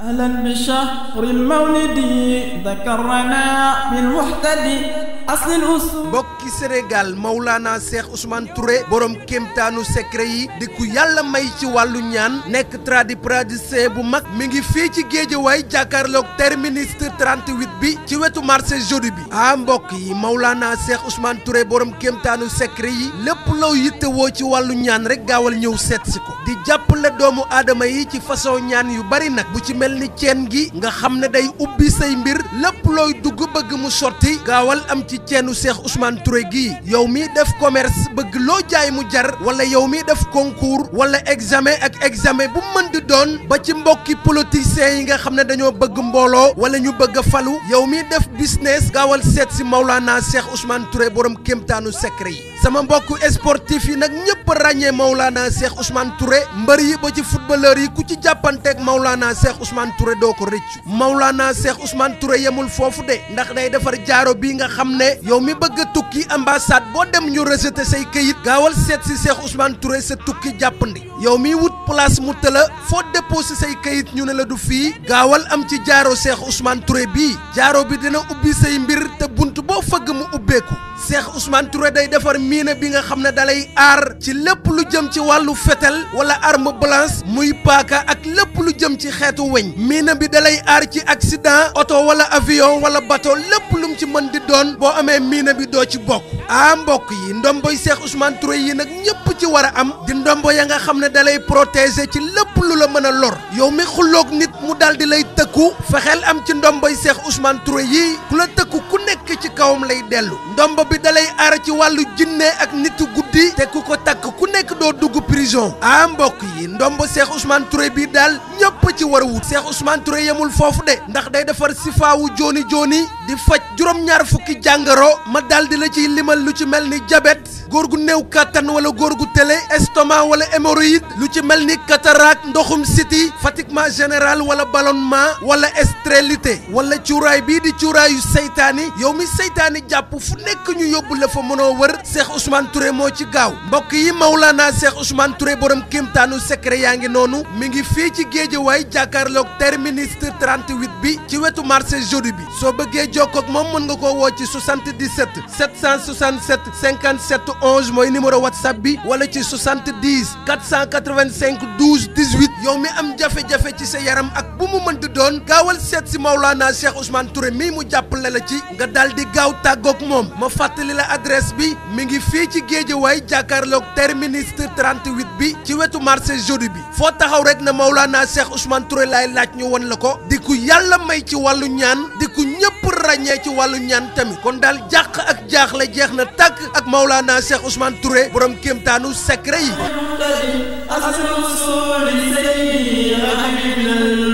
أهلا بشهر المولد ذكرنا بالمحتدي aslil us mbokki Sénégal Maulana Cheikh Ousmane Touré borom kemtaanu secret yi di ku yàlla may ci wàllu ñaan nekk tradipraticien bu mag mi ngi fii ci géejawaay jàkkaarloog terminus 38 bi ci wetu marché jeudi bi ah mbokk yi Maulana Cheikh Ousmane Touré borom kéemtaanu secret yi lépp law yittewoo ci wàllu ñaan rek gaawal ñëw seet si ko di jàppale doomu aadama yi ci façon ñaan yu bari nag bu ci mel ni ceen gi nga xam ne day ubbi say mbir lépp looy dugg bëgg mu ci ceenu Cheikh Ousmane Touré gii yow mi def commerce bëgg loo jaay mu jar wala yow mi def concours wala examen ak examen bu mën di doon ba ci mbokki politiciens yi nga xam ne dañoo bëgg mbooloo wala ñu bëgg falu yow mi def business gaawal seet si Maulana Cheikh Ousmane Touré boroom kéemtaanu secret yi sama mbokk sportif yi nag ñëpp ràññee Maulana Cheikh Ousmane Touré mbër yi ba ci footballeur yi ku ci jàppanteeg Maulana Cheikh Ousmane Touré doo ko rëccu Maulana Cheikh Ousmane Touré ne mi bëgg a tukki ambassade boo dem ñu rejeté say këyit gaawal seet si Cheikh Ousmane Touré sa tukki jàppandi yow mi wut place mu tëla foo déposé say këyit ñu ne la du fii gaawal am ci jaaro Cheikh Ousmane Touré bii jaaro bi dina ubbi say mbir te bunt boo fëgg mu ubbeeku Cheikh usmaan Touré day defar miina bi nga xam ne dalay aar ci lépp lu jëm ci wàllu fetel wala arme blanche muy paaka ak lépp jëm ci xeetu weñ miina bi dalay aar ci accident oto wala avion wala bato lépp lu mu ci mën di doon boo amee miina bi doo ci bokk ah mbokk yi ndomboy Cheikh Ousmane Touré yi nag ñëpp ci war a am di ndombo ya nga xam ne dalay protéger ci lépp lu la mën a lor yow mi xulloog nit mu dal di lay tëkku fexeel am ci ndomboy Cheikh Ousmane Touré yi ku la tëkku ku nekk ci kawam lay dellu ndombo bi dalay aar ci wàllu jinne ak nitu guddi te ku ko takk ku nekk doo dugg prison ah mbokk yi ndombo Cheikh ñëpp ci war a wut Cheikh yemul foofu de ndax day defar sifaawu jooni jooni di faj juróom-ñaar fukki jàngaro ma daal di la ciy limal lu ci mel ni jabet góor gu néew kàttan wala góor gu télé estomac wala hémorroïde lu ci mel ni cataracte ndoxum siti fatiguement général wala ballonnement wala stérilité wala cuuraay bii di cuuraayu seytaani yow mi seytaani jàpp fu nekk ñu yóbbu la fa mënoo wër Cheikh Ousmane Touré moo ci gaaw mbokk yi Maulana Cheikh Ousmane Touré borom kéemtaanu secret yaa ngi noonu mi ngi fii ci Géejawaay jàkkaarloog terminus 38 bi ci wetu marché jeudi bi soo bëggee jokkoo ak moom mën nga koo ci 77 767 57 11 mooy numéro whatsapp bi wala ci 70 485 12 18 yow mi am jafe-jafe ci sa yaram ak bu mu mën mënti doon gaawal seet si Maulana Cheikh Ousmane Touré mii mu jàppale la ci nga daal di gaaw tàggoog moom ma fàttali la adresse bi mi ngi fii ci Géejawaay jàkkaarloog terminus 38 bi ci wetu marché jeudi bi foo taxaw rek na Maulana Cheikh Ousmane Touré laay laaj ñu won la ko di ku yàlla may ci wàllu ñaan di ku ñëpp. ràññee ci wàllu ñan tamit kon dal jàq ak jaaxle jeex na tàkk ak Maulana Cheikh Ousmane Touré borom kéemtaanu secret yi